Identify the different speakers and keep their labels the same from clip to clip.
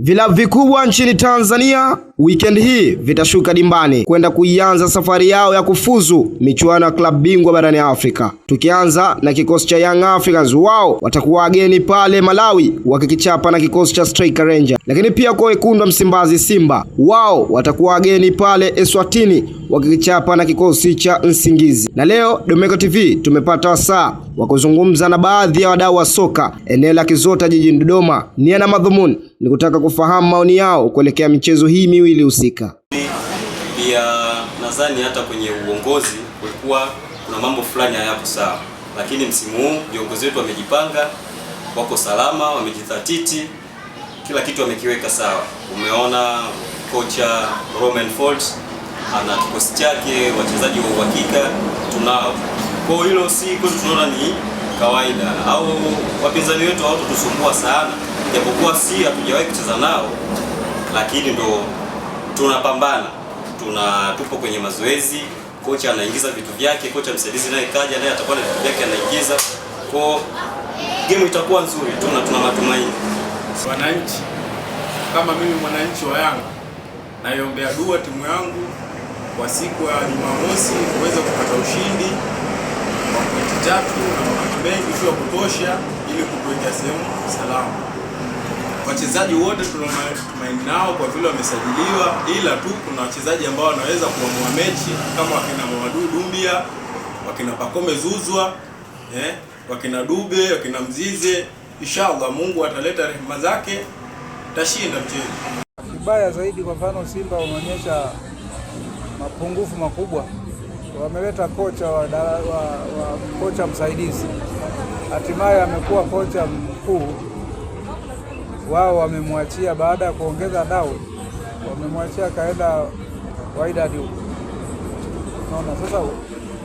Speaker 1: Vilabu vikubwa nchini Tanzania weekend hii vitashuka dimbani kwenda kuianza safari yao ya kufuzu michuano ya klabu bingwa barani Afrika, tukianza na kikosi cha Young Africans. Wao watakuwa wageni pale Malawi wakikichapa na kikosi cha Striker Ranger, lakini pia kwa wekundu wa Msimbazi Simba, wao watakuwa wageni pale Eswatini wakikichapa na kikosi cha Nsingizi. Na leo Domeko TV tumepata wasaa wa kuzungumza na baadhi ya wadau wa soka eneo la Kizota jijini Dodoma, nia na madhumuni ni kutaka kufahamu maoni yao kuelekea michezo hii miwili husika.
Speaker 2: Pia nadhani hata kwenye uongozi kulikuwa kuna mambo fulani hayapo sawa, lakini msimu huu viongozi wetu wamejipanga, wako salama, wamejithatiti, kila kitu wamekiweka sawa. Umeona kocha Roman Folz ana kikosi chake, wachezaji wa uhakika tunao. Kwa hiyo hilo si kwetu, tunaona ni kawaida, au wapinzani wetu hawatutusumbua sana japokuwa si hatujawahi kucheza nao, lakini ndo tunapambana, tuna tupo kwenye mazoezi, kocha anaingiza vitu vyake, kocha msaidizi naye kaja naye atakuwa na vitu vyake anaingiza, kwa game itakuwa nzuri, tuna tuna matumaini.
Speaker 3: Wananchi kama mimi mwananchi wa Yanga naiombea dua timu yangu kwa siku ya Jumamosi kuweza kupata ushindi wa pointi tatu na magoli mengi ya kutosha ili kutuweka sehemu salama wachezaji wote tunatumaini nao kwa vile wamesajiliwa, ila tu kuna wachezaji ambao wanaweza kuamua mechi kama wakina Mawadu Dumbia, wakina Pakome Zuzwa eh, wakina Dube, wakina Mzize. Inshallah Mungu ataleta rehema zake, tashinda mchezo.
Speaker 4: Kibaya zaidi, kwa mfano Simba wameonyesha mapungufu makubwa, wameleta kocha wa, wa, wa kocha msaidizi, hatimaye amekuwa kocha mkuu wao wamemwachia, baada ya kuongeza dau wamemwachia kaenda Wydad huko. Naona sasa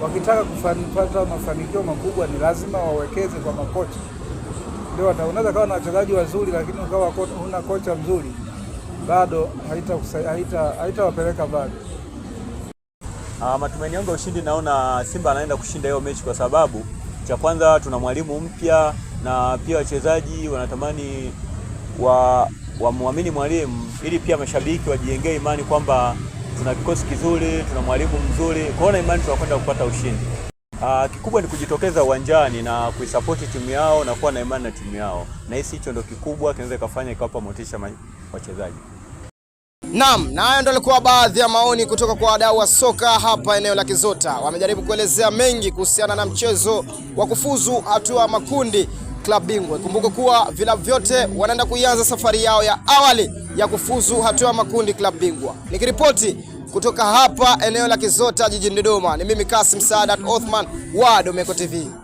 Speaker 4: wakitaka kupata mafanikio makubwa ni lazima wawekeze kwa makocha. Ndio unaweza kawa na wachezaji wazuri, lakini ukawa huna kocha mzuri, bado haitawapeleka haita, haita mbali.
Speaker 5: Ah, matumaini yangu ya ushindi, naona Simba anaenda kushinda hiyo mechi kwa sababu cha kwanza tuna mwalimu mpya na pia wachezaji wanatamani wa wamwamini mwalimu ili pia mashabiki wajiengee imani kwamba tuna kikosi kizuri, tuna mwalimu mzuri, kwaona imani tunakwenda kupata ushindi. Uh, kikubwa ni kujitokeza uwanjani na kuisapoti timu yao na kuwa na imani na timu yao. na hisi hicho ndio kikubwa kinaweza kufanya ikawapa motisha wachezaji.
Speaker 1: Naam, na hayo ndio alikuwa baadhi ya maoni kutoka kwa wadau wa soka hapa eneo la Kizota. Wamejaribu kuelezea mengi kuhusiana na mchezo wa kufuzu hatua makundi klabu bingwa. Kumbuka kuwa vilabu vyote wanaenda kuianza safari yao ya awali ya kufuzu hatua ya makundi klabu bingwa. Nikiripoti kutoka hapa eneo la Kizota jijini Dodoma, ni mimi Kasim saadat Othman wa Domeko TV.